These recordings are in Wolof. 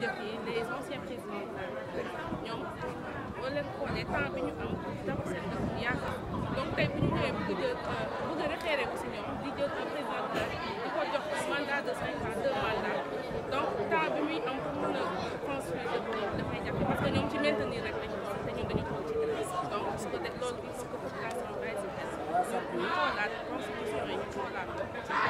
njëkk yi les anciens ñoom boo leen xoolee temps bi ñu am dafa seen dëkk bu yàgg donc tey bu ñu ñëwee bëgg jël euh, bëgg référé ko si ñoom di jël un président de ko jox mandat de cinq ans deux mandats donc temps bi muy am pour mën a construire dëkk bi dafay jafe parce que ñoom ci maintenir rek lañu doon te ñun dañu toog ci donc su ko def loolu il faut que population bàyyi si xel ñu xoolaat constitution yi ñu xoolaat ko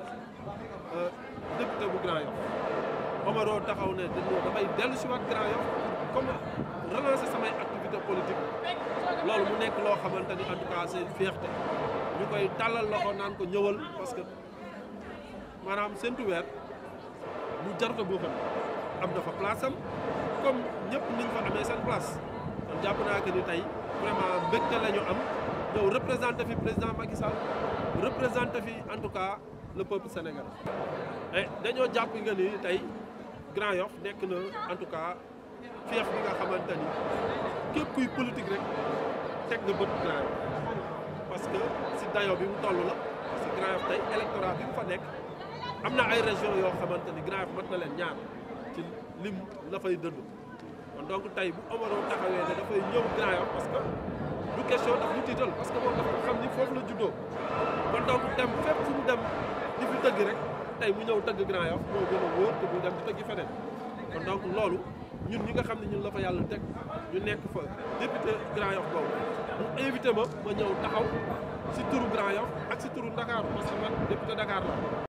Euh, député bu Grand Yoff Omaro taxaw ne damay dellu si waat Grand Yoff comme relancer samay activité politique loolu mu nekk loo xamante ni en tout ñu koy tàllal loxo naan ko ñëwal parce que maanaam seentu weer lu jarta boo xam am na fa comme ñëpp niñ fa amee seen place kon jàpp naa que ni tey vraiment mbégte am ñëw représenté fi président Macky Sall fi en la peuple sénégalais. et eh, dañoo jàpp nga ni tey Grand Yoff nekk na en tout cas fief bi nga xamante ni képp kuy politique rek teg na bët Grand Yoff parce que si dayo bi mu toll la parce Grand Yoff tey électorat bi mu fa nekk am na ay région yoo xamante ni Grand Yoff mat na leen ñaar ci lim la fay dënd kon donc tey bu Omaro taxawee ne dafay ñëw Grand Yoff parce que du question daf ñu tiital parce que moom dafa xam ni foofu la juddoo kon donc dem fépp fu mu dem li fi tëgg rek tey mu ñëw tëgg Grand Yoff moo gën a wóor te muy dem ci tëggi feneen kon donc loolu ñun ñi nga xam ne ñun la fa yàlla teg ñu nekk fa député Grand Yoff boobu mu invité ma ma ñëw taxaw si turu Grand Yoff ak si turu Dakar parce que man député Dakar la